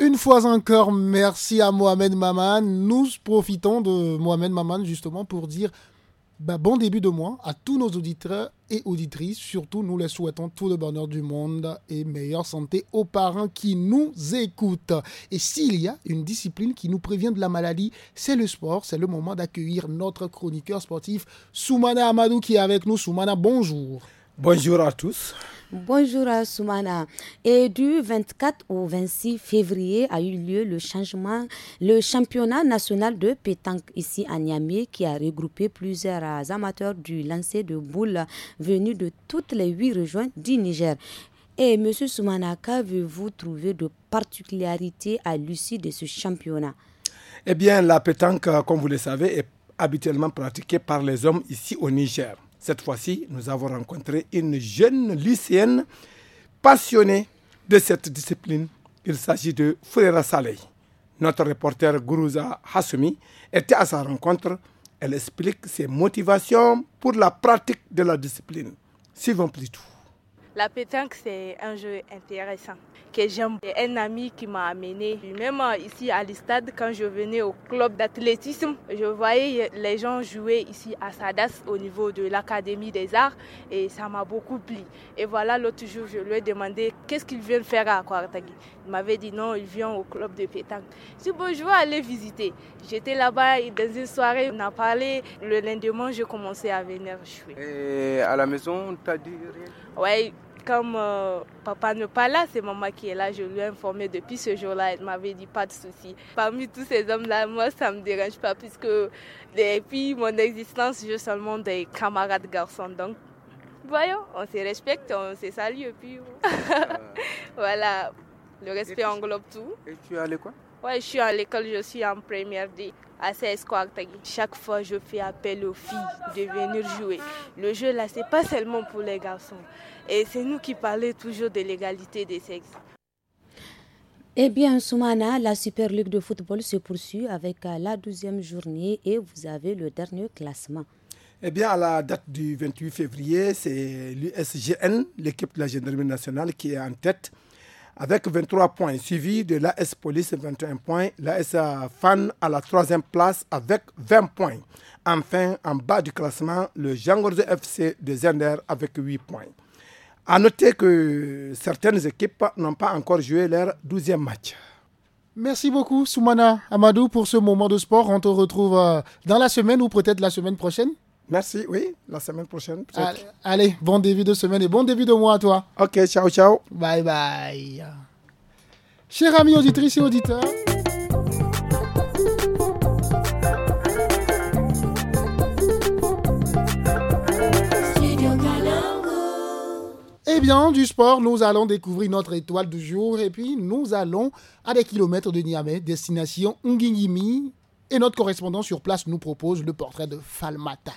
Une fois encore, merci à Mohamed Maman. Nous profitons de Mohamed Maman justement pour dire bah, bon début de mois à tous nos auditeurs et auditrices. Surtout, nous les souhaitons tout le bonheur du monde et meilleure santé aux parents qui nous écoutent. Et s'il y a une discipline qui nous prévient de la maladie, c'est le sport. C'est le moment d'accueillir notre chroniqueur sportif, Soumana Amadou, qui est avec nous. Soumana, bonjour. Bonjour à tous. Bonjour Soumana. Et du 24 au 26 février a eu lieu le changement, le championnat national de pétanque ici à Niamey qui a regroupé plusieurs amateurs du lancer de boules venus de toutes les huit régions du Niger. Et Monsieur Soumana, qu'avez-vous trouvé de particularité à l'issue de ce championnat Eh bien, la pétanque, comme vous le savez, est habituellement pratiquée par les hommes ici au Niger. Cette fois-ci, nous avons rencontré une jeune lycéenne passionnée de cette discipline. Il s'agit de Frera Saleh. Notre reporter Gourouza Hassoumi était à sa rencontre. Elle explique ses motivations pour la pratique de la discipline. Suivons plutôt. La pétanque, c'est un jeu intéressant que j'aime. Un ami qui m'a amené, même euh, ici à l'Estade, quand je venais au club d'athlétisme, je voyais les gens jouer ici à Sadas au niveau de l'Académie des Arts et ça m'a beaucoup plu. Et voilà, l'autre jour, je lui ai demandé qu'est-ce qu'ils viennent faire à Kouartagui. Il m'avait dit non, ils viennent au club de pétanque. Je dis bon, je aller visiter. J'étais là-bas dans une soirée, on a parlé. Le lendemain, j'ai commençais à venir jouer. Et à la maison, t'a dit rien Ouais, comme euh, papa n'est pas là, c'est maman qui est là. Je lui ai informé depuis ce jour-là. Elle m'avait dit pas de souci. Parmi tous ces hommes-là, moi, ça me dérange pas puisque depuis mon existence, j'ai seulement des camarades garçons. Donc, voyons, on se respecte, on se salue. puis, euh. voilà, le respect englobe tout. Et tu es à quoi Ouais, je suis à l'école, je suis en première D à 16 Chaque fois, je fais appel aux filles de venir jouer. Le jeu là, c'est pas seulement pour les garçons. Et c'est nous qui parlons toujours de l'égalité des sexes. Eh bien, Soumana, la Super Ligue de football se poursuit avec euh, la 12 journée et vous avez le dernier classement. Eh bien, à la date du 28 février, c'est l'USGN, l'équipe de la gendarmerie nationale, qui est en tête avec 23 points, suivi de l'AS Police 21 points, l'AS Fan à la troisième place avec 20 points. Enfin, en bas du classement, le Jean FC de Zender avec 8 points. À noter que certaines équipes n'ont pas encore joué leur douzième match. Merci beaucoup Soumana Amadou pour ce moment de sport. On te retrouve euh, dans la semaine ou peut-être la semaine prochaine. Merci, oui, la semaine prochaine. allez, bon début de semaine et bon début de mois à toi. Ok, ciao, ciao. Bye bye. Chers amis auditrices et auditeurs. Eh bien, du sport, nous allons découvrir notre étoile du jour et puis nous allons à des kilomètres de Niamey, destination Ngingimi. Et notre correspondant sur place nous propose le portrait de Falmata.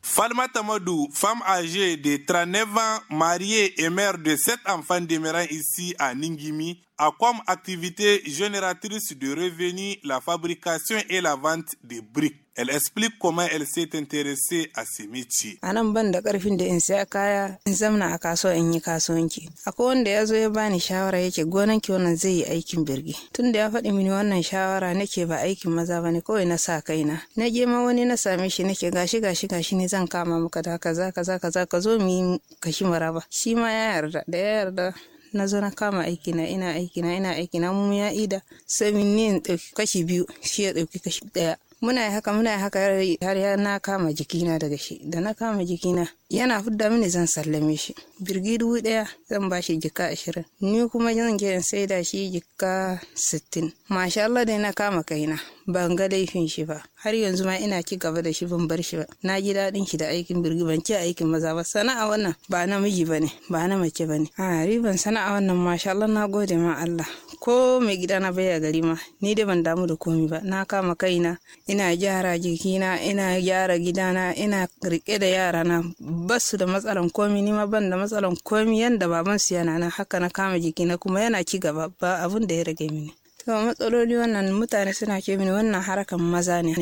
Falmata Modu, femme âgée de 39 ans, mariée et mère de 7 enfants demeurant ici à Ningimi, a comme activité génératrice de revenus la fabrication et la vente de briques. Elle explique comment elle s'est intéressée à ces métiers. A nan ban da karfin da in siya kaya in zamna a kasuwa in yi kasuwanci. Akwai wanda ya zo ya bani shawara yake gonan ki wannan zai yi aikin birgi. Tun da ya faɗi mini wannan shawara nake ba aikin maza ba ne kawai na sa kaina. Na je ma wani na same shi nake gashi gashi gashi ne zan kama maka da kaza kaza kaza ka zo mu yi kashi maraba. Shi ma ya yarda da ya yarda na zo na kama aikina ina aikina ina aikina mu ya ida sai ne kashi biyu shi ya ɗauki kashi ɗaya muna yi haka muna yi haka har ya na kama jikina daga shi da na kama jikina yana fudda mini zan sallame shi birgi dubu daya zan ba shi jika ashirin ni kuma zan je in da shi jika sittin masha Allah dai na kama kaina ban ga laifin shi ba har yanzu ma ina ci gaba da shi ban bar shi ba na ji daɗin shi da aikin birgi ban ci aikin maza ba sana'a wannan ba namiji bane ba na mace bane a riban sana'a wannan masha Allah na gode ma Allah ko mai gida na baya gari ma ni dai ban damu da komi ba na kama kaina ina gyara jikina ina gyara gidana ina rike da yara na basu da matsalan komi ni ma ban da matsalan komi yanda baban su yana na haka na kama jikina kuma yana ci gaba ba abun da ya rage mini To matsaloli wannan mutane suna ke mini wannan harakan maza ne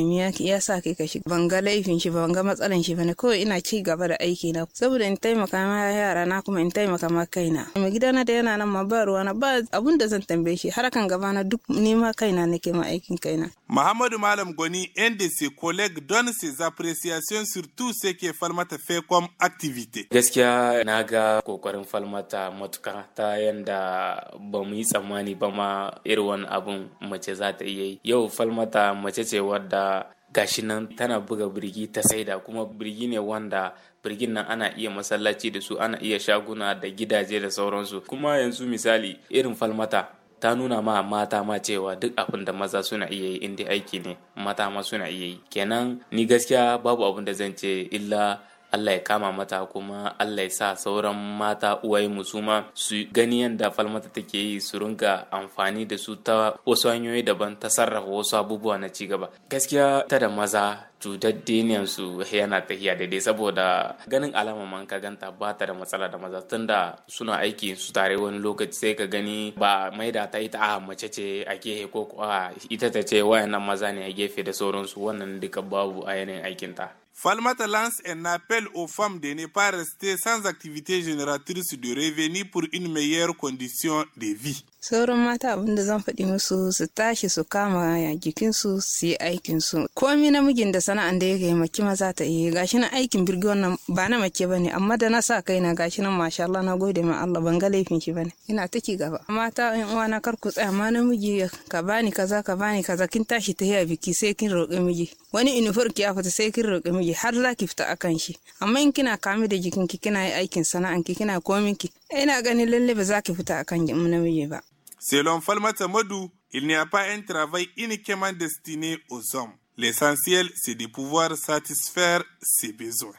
ya sa kai ka shiga ban ga laifin shi ban ga matsalan shi bane kawai ina ci gaba da aiki na saboda in taimaka ma yara na kuma in taimaka ma kaina mai gidana da yana nan ma ba ruwa na ba abun da zan tambaye shi harakan gaba na duk ni ma kaina nake ma aikin kaina Muhammadu Malam Goni NDC de don donne ses appréciations sur tout ce que Falmata fait comme activité Gaskiya na ga kokarin Falmata matuka ta yanda ba mu yi tsammani ba ma irin abun mace za ta yi yau falmata mace ce wadda gashi nan tana buga birgi ta saida kuma birgi ne wanda birgin nan ana iya masallaci da su ana iya shaguna da gidaje da sauransu kuma yanzu misali irin falmata ta nuna ma mata ma cewa duk abin da maza suna iya yi inda aiki ne mata ma suna iya yi kenan ni gaskiya babu abin da zan ce illa Allah ya kama mata kuma Allah ya sa sauran mata uwai mu su ma gani yadda falmata take yi su rinka amfani da su ta wasu hanyoyi daban ta sarrafa wasu abubuwa na cigaba gaskiya ta da maza cutar su yana tafiya daidai saboda ganin alama man ka ganta ba ta da matsala da maza tunda suna aiki su tare wani lokaci sai ka gani ba maida ta ita a ah, mace ce a gefe ko a ita ta ce wayannan maza ne a gefe da sauransu wannan duka babu a yanayin aikinta Falmata lance un appel aux femmes de ne pas rester sans activité génératrice de revenus pour une meilleure condition de vie. sauran mata abin da zan faɗi musu su tashi su kama jikinsu su yi aikinsu komi namijin da sana'an da ya mace maki maza ta yi gashi na aikin birgi wannan ba na mace ba ne amma da na sa kai na gashi nan masha Allah na gode ma Allah ban ga laifin shi ba ne ina ta ki gaba mata in uwa na kar ku tsaya ma namiji ka bani kaza ka bani kaza kin tashi ta a biki sai kin roƙi miji wani uniform ki ya fita sai kin roƙi miji har za ki fita akan shi amma in kina kame da jikinki kina yi aikin sana'an ki kina komin ki Selon Falmata il n'y a pas un travail uniquement destiné aux hommes. L'essentiel, c'est de pouvoir satisfaire ses besoins.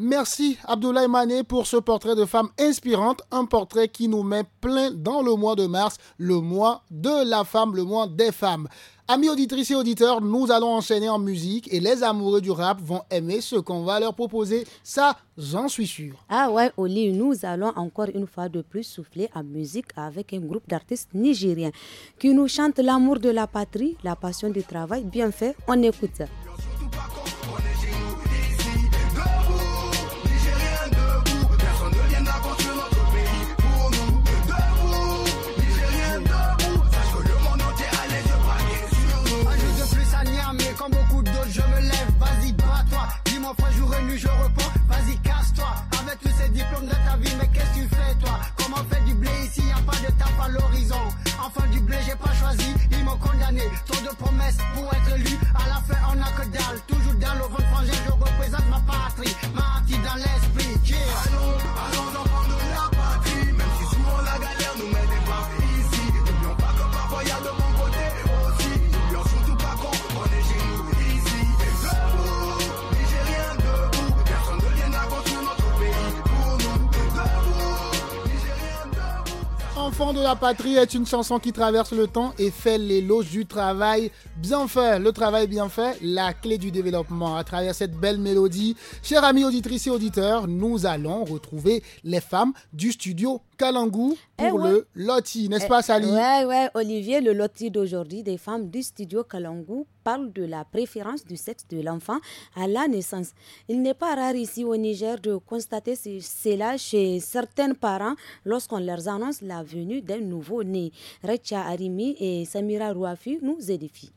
Merci Abdoulaye Mané pour ce portrait de femme inspirante, un portrait qui nous met plein dans le mois de mars, le mois de la femme, le mois des femmes. Amis auditrices et auditeurs, nous allons enchaîner en musique et les amoureux du rap vont aimer ce qu'on va leur proposer. Ça, j'en suis sûr. Ah ouais, Oli, nous allons encore une fois de plus souffler en musique avec un groupe d'artistes nigériens qui nous chantent l'amour de la patrie, la passion du travail. Bien fait, on écoute. ça. mon frère, jour je reprends. Vas-y, casse-toi. Avec tous ces diplômes de ta vie, mais qu'est-ce que tu fais, toi Comment faire du blé ici, y a pas de taf à l'horizon. Enfin, du blé, j'ai pas choisi, ils m'ont condamné. Trop de promesses pour être élu. À la fin, on a que dalle. Toujours dans le ventre frangé, je représente ma patrie. Ma dans l'esprit, Enfant de la patrie est une chanson qui traverse le temps et fait l'éloge du travail bien fait. Le travail bien fait, la clé du développement. À travers cette belle mélodie, chers amis auditrices et auditeurs, nous allons retrouver les femmes du studio Kalangou pour eh le loti, n'est-ce eh, pas Sali Ouais, ouais, Olivier, le loti d'aujourd'hui des femmes du studio Kalangou parle de la préférence du sexe de l'enfant à la naissance. Il n'est pas rare ici au Niger de constater cela chez certains parents lorsqu'on leur annonce la venue d'un nouveau-né. Recha Arimi et Samira Rouafi nous édifient.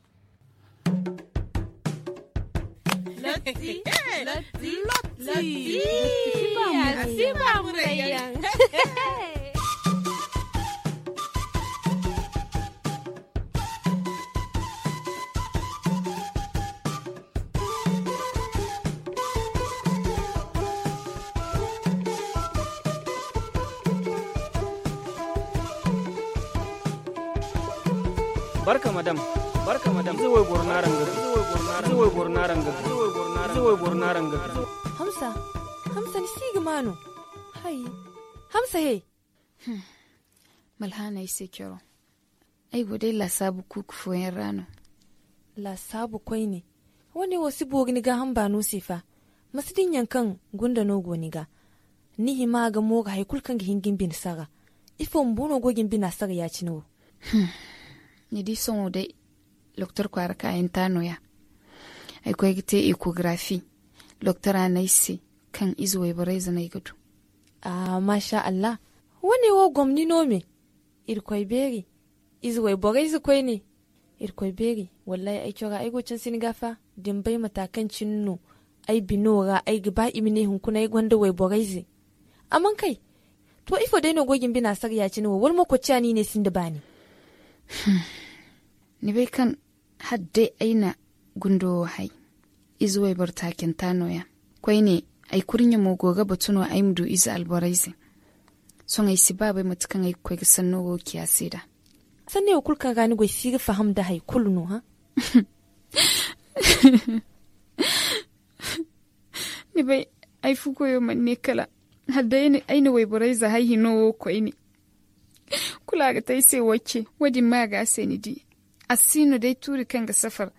Lotti, Lotti, Lotti. Así vamos, Reyyan. Barka madam. barka madam zuwai gornaran gabi zuwai gornaran gabi zuwai gornaran gabi hamsa hamsa ni sigi mano hai hamsa he hmm. malhana ise kiro ai gode la sabu kuku foyen rano la sabu koi ne wani wasu bogi ga hamba no sifa masidin kan gunda no goniga ni hima ga moga haikul kan hingin bin saga ifon mbuno gogin bin saga ya ci cinowo hmm. ni di son dai loktor kwara kayan tanoya akwai gite ecography loktora anaisi kan izo ibarai na gudu a ah, masha allah wani wo gwamni nome irkwai beri izo ibarai su kwai ne irkwai beri wallahi ai kyora ai gocin sin gafa bai matakan cinno ai binora ai gaba imine hunkuna ai gwanda wai borai ze amman kai to ifo dai no gogin bina sarya ya cinu wal mako ni ne sin da bani hmm. ni bai kan hadde aina gundowo hay izuwai bartaken tanoya ne ai kurinya mu goga batuno ai mudu iza alboraise son ai sibabai matukan ai kwai sanno go kiyasida sanne kulka gani go siga faham da hai kulnu ha ni bai ai fuko yo ne kala hadda ai aina wai boraiza hay hino kwaine kula ga tai sai wacce wadin ma ga sai ni di asino dai turi kanga safar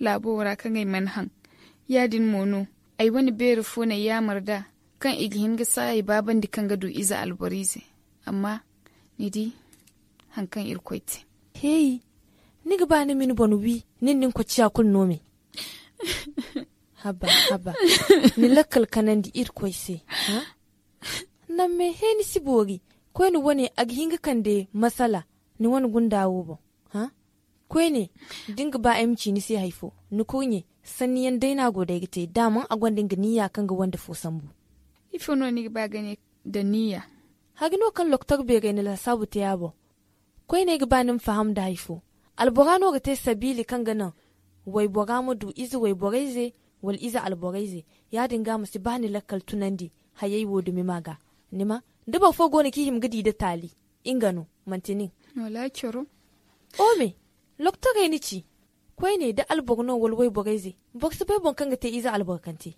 labo wara kangai manhan yadin mono ai wani beri ya marda kan igihin ga sai baban di kanga iza alborize amma ni di hankan irkoite hey ni ga bani min bonu wi nin ko ciya kun haba haba ni lakkal kanan di irkoise ha na me he ni sibogi. ko ni wani agihin ga kan de masala ni wani gundawo ba kwene dinga ba emci ni sai haifo ni kunye sanni yan daina ga te daman a gwandin ga niyya kan ga wanda fo sambu ifo no ni ba gane da niyya hagino kan loktar be gane la sabu te yabo kwene ga ba banin faham da haifo alborano ga te sabili kan ga nan wai boga mu du izi wai boraize wal iza alboraize ya dinga musu bani lakkal tunandi hayai wodu maga nima duba fo gona ki him gidi da tali ingano mantinin wala kiro ome ga ni ci kwai ne da alborno walwai ze box bai bon kanga te iza albarkante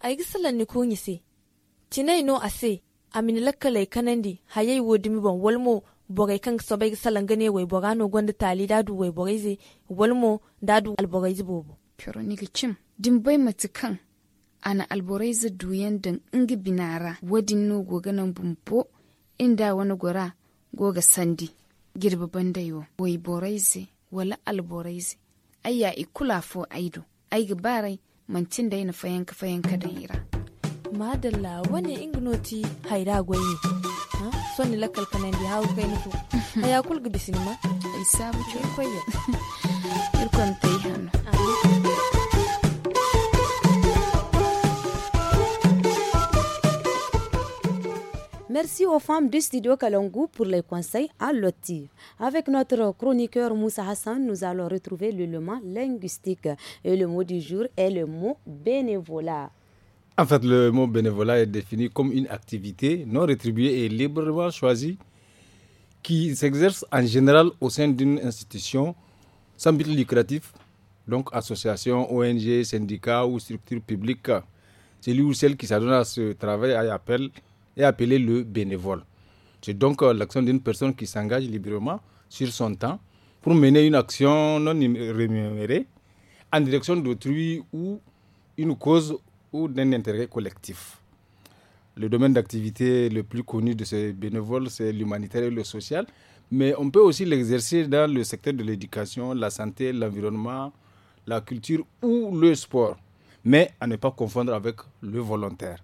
a yi gisalan ni kunyi se tinai no ase amin lakkalai kanandi hayai wodimi bon walmo bogai kan so bai gisalan gane wai borano gonda tali dadu wai ze walmo dadu ze bobo kironiki cim dimbai matukan ana alboreze duyan dan ingi binara wadin no goganan bumbo inda wani gora goga sandi girbi bandayo wai boreze wala alboraisi ayya ikula fo aido aiga barai mancin da yana fayanka fayanka da hira madalla wani ingnoti haira gwaye sonni lakal kanan di hawo kai nufu aya kulga bisinima ai sabu ce koyya irkon tai hannu Merci aux femmes du studio Kalongu pour les conseils à Loti. Avec notre chroniqueur Moussa Hassan, nous allons retrouver l'élément linguistique. Et le mot du jour est le mot bénévolat. En fait, le mot bénévolat est défini comme une activité non rétribuée et librement choisie qui s'exerce en général au sein d'une institution sans but lucratif, donc association, ONG, syndicat ou structure publique. Celui ou celle qui s'adonne à ce travail à appel est appelé le bénévole. C'est donc euh, l'action d'une personne qui s'engage librement sur son temps pour mener une action non rémunérée en direction d'autrui ou une cause ou d'un intérêt collectif. Le domaine d'activité le plus connu de ces bénévoles, c'est l'humanitaire et le social, mais on peut aussi l'exercer dans le secteur de l'éducation, la santé, l'environnement, la culture ou le sport, mais à ne pas confondre avec le volontaire.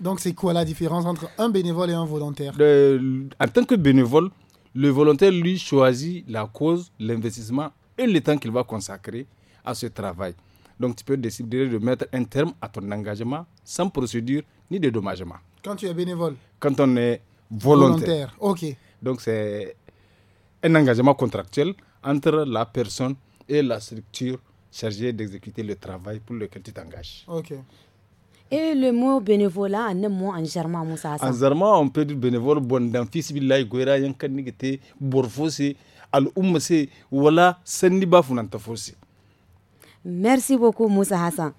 Donc, c'est quoi la différence entre un bénévole et un volontaire En tant que bénévole, le volontaire, lui, choisit la cause, l'investissement et le temps qu'il va consacrer à ce travail. Donc, tu peux décider de mettre un terme à ton engagement sans procédure ni dédommagement. Quand tu es bénévole Quand on est volontaire. ok. Donc, c'est un engagement contractuel entre la personne et la structure chargée d'exécuter le travail pour lequel tu t'engages. Ok. Et le mot bénévolat en un mot en germain Moussa Hassan. En germain on peut dire bénévole bon dans fils billahi goira yankan al umma se wala sanni Merci beaucoup Moussa Hassan.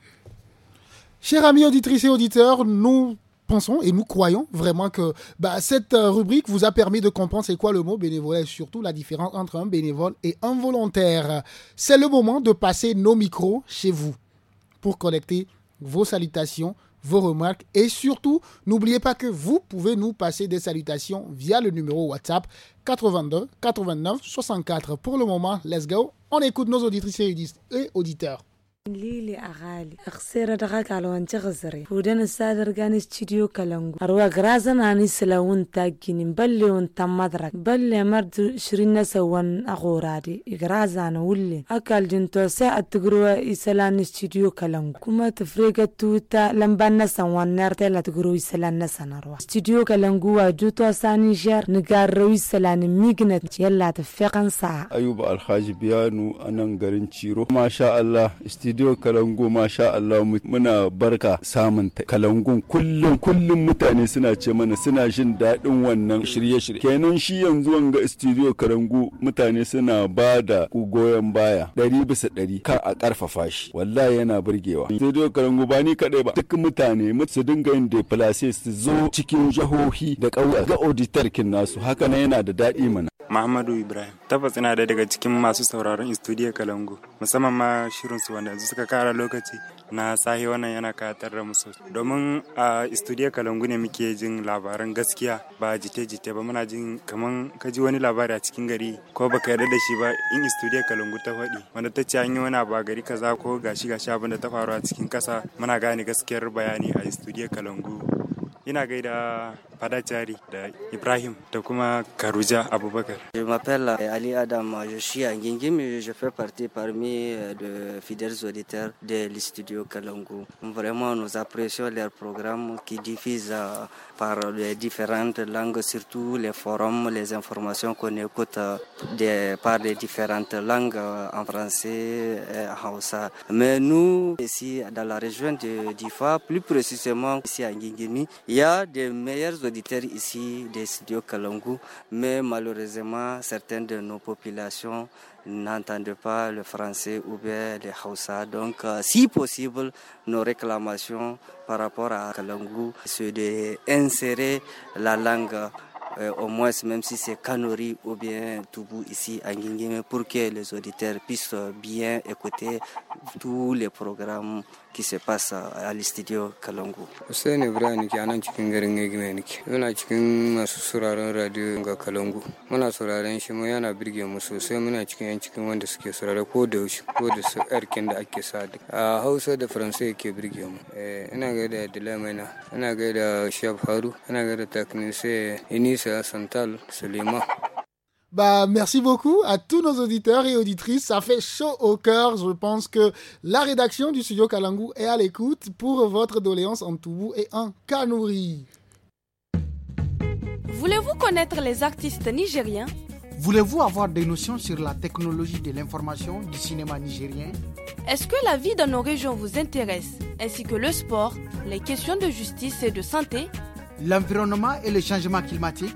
Chers amis auditrices et auditeurs, nous pensons et nous croyons vraiment que bah, cette euh, rubrique vous a permis de comprendre c'est quoi le mot bénévolat et surtout la différence entre un bénévole et un volontaire. C'est le moment de passer nos micros chez vous pour connecter vos salutations, vos remarques et surtout, n'oubliez pas que vous pouvez nous passer des salutations via le numéro WhatsApp 82 89 64. Pour le moment, let's go. On écoute nos auditrices et auditeurs. lili aqaali aqsira dhaqakaalwanti qasri fuudhana saadargani studio kalangu arwa garaasanaani silawuntaagginin balleonta madrak balle mardu shirinasawan aquuraadi igaraasana wulle akaaljintoose atugurwa isalaani studio kalangu kuma tafrega tuuta lambanasan waneertela tuguro isalanasan arwa studio kalangu waa jutoosaani sheer nigaaraw isalaani mignat yalaata feqan saa ayuba alxaaji biyaanu anan garin ciro maasha allah studio studio kalango masha Allah muna barka samun kalangun kullum kullum mutane suna ce mana suna jin daɗin wannan shirye-shirye kenan shi yanzu wanga studio kalangu mutane suna ba da goyon baya ɗari bisa ɗari ka a karfafa shi wallahi yana burgewa studio kalangu ba ni kaɗai ba duk mutane su dinga yin deplace su zo cikin jahohi da ƙauye ga auditor nasu haka na yana da daɗi mana Muhammadu Ibrahim. Tabbas ina da daga cikin masu sauraron Studio kalangu musamman ma shirin su wanda suka kara lokaci na sahi wannan yana kayatar da musu. Domin a Studio kalangu ne muke jin labaran gaskiya ba jite-jite ba muna jin kaman ka ji wani labari a cikin gari ko baka yarda da shi ba in Studio kalangu ta faɗi wanda ta ce an yi wani ba gari kaza ko gashi gashi abin da ta faru a cikin kasa muna gane gaskiyar bayani a Studio kalangu Ina gaida Je m'appelle euh, Ali Adam, je suis à Ngingim et je fais partie parmi euh, de fidèles auditeurs de l'Istudio Kalangu. Vraiment, nous apprécions leur programme qui diffuse euh, par les différentes langues, surtout les forums, les informations qu'on écoute par les différentes langues en français et en Hausa. Mais nous, ici dans la région de Difa, plus précisément ici à Ngingimi, il y a des meilleurs auditeurs ici des studios Kalangu, mais malheureusement, certaines de nos populations n'entendent pas le français ou bien le Hausa. Donc, euh, si possible, nos réclamations par rapport à Kalangu, c'est d'insérer la langue euh, au moins même si c'est Kanori ou bien Toubou ici à Nguingime pour que les auditeurs puissent bien écouter tous les programmes qui se passe à l'Istudio Kalangu. Hussein Ibrahim a anan cikin garin Egime nake. Muna cikin masu sauraron radio ga Kalangu. Muna sauraron shi mu yana birge mu sosai muna cikin yan cikin wanda suke sauraro ko da yaushe ko da su erkin da ake sa duk. A Hausa da Faransa yake birge mu. Eh, ina ga da na. ina ga da Shaf Haru, ina ga da sai Inisa Santal Suleiman. Bah, merci beaucoup à tous nos auditeurs et auditrices. Ça fait chaud au cœur. Je pense que la rédaction du studio Kalangu est à l'écoute pour votre doléance en Toubou et en Kanouri. Voulez-vous connaître les artistes nigériens Voulez-vous avoir des notions sur la technologie de l'information du cinéma nigérien Est-ce que la vie dans nos régions vous intéresse, ainsi que le sport, les questions de justice et de santé L'environnement et le changement climatique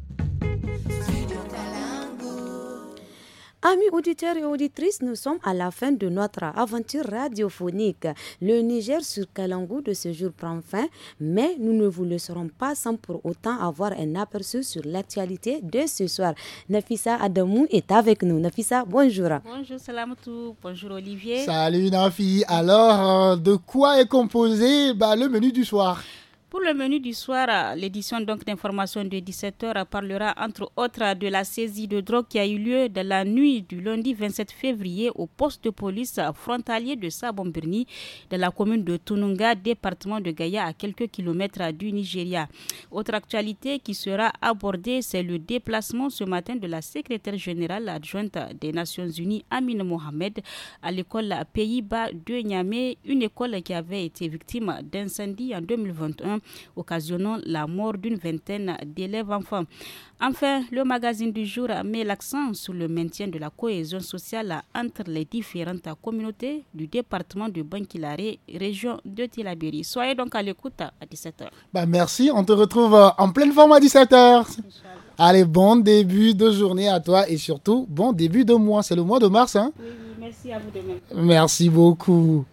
Amis auditeurs et auditrices, nous sommes à la fin de notre aventure radiophonique. Le Niger sur Kalangou de ce jour prend fin, mais nous ne vous laisserons pas sans pour autant avoir un aperçu sur l'actualité de ce soir. Nafisa Adamou est avec nous. Nafisa, bonjour. Bonjour Salamoutou, bonjour Olivier. Salut Nafi. Alors, euh, de quoi est composé bah, le menu du soir pour le menu du soir, l'édition donc d'information de 17h parlera entre autres de la saisie de drogue qui a eu lieu dans la nuit du lundi 27 février au poste de police frontalier de sabon dans de la commune de Tununga, département de Gaïa à quelques kilomètres du Nigeria. Autre actualité qui sera abordée, c'est le déplacement ce matin de la secrétaire générale adjointe des Nations Unies Amine Mohamed à l'école Pays-Bas de Niamey, une école qui avait été victime d'incendie en 2021 occasionnant la mort d'une vingtaine d'élèves enfants. Enfin, le magazine du jour met l'accent sur le maintien de la cohésion sociale entre les différentes communautés du département de Banquilaré région de Tilabiri. Soyez donc à l'écoute à 17h. Bah, merci, on te retrouve euh, en pleine forme à 17h. Allez, bon début de journée à toi et surtout bon début de mois. C'est le mois de mars. Hein. Oui, oui, merci à vous de Merci beaucoup.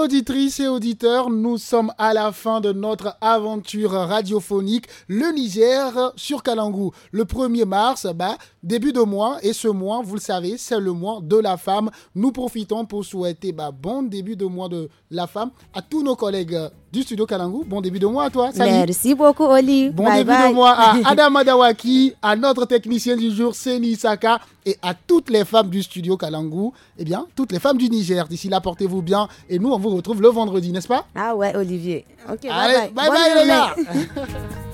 auditrices et auditeurs, nous sommes à la fin de notre aventure radiophonique Le Niger sur Kalangou. Le 1er mars, bah, début de mois. Et ce mois, vous le savez, c'est le mois de la femme. Nous profitons pour souhaiter bah, bon début de mois de la femme à tous nos collègues euh, du studio Kalangu. Bon début de mois à toi. Merci beaucoup, Oli. Bon début de mois à Adam Adawaki, à notre technicien du jour, Seni Saka, et à toutes les femmes du studio Kalangu. Eh bien, toutes les femmes du Niger. D'ici là, portez-vous bien. Et nous, on vous retrouve le vendredi, n'est-ce pas Ah ouais, Olivier. Ok, bye bye, bye, bye les gars.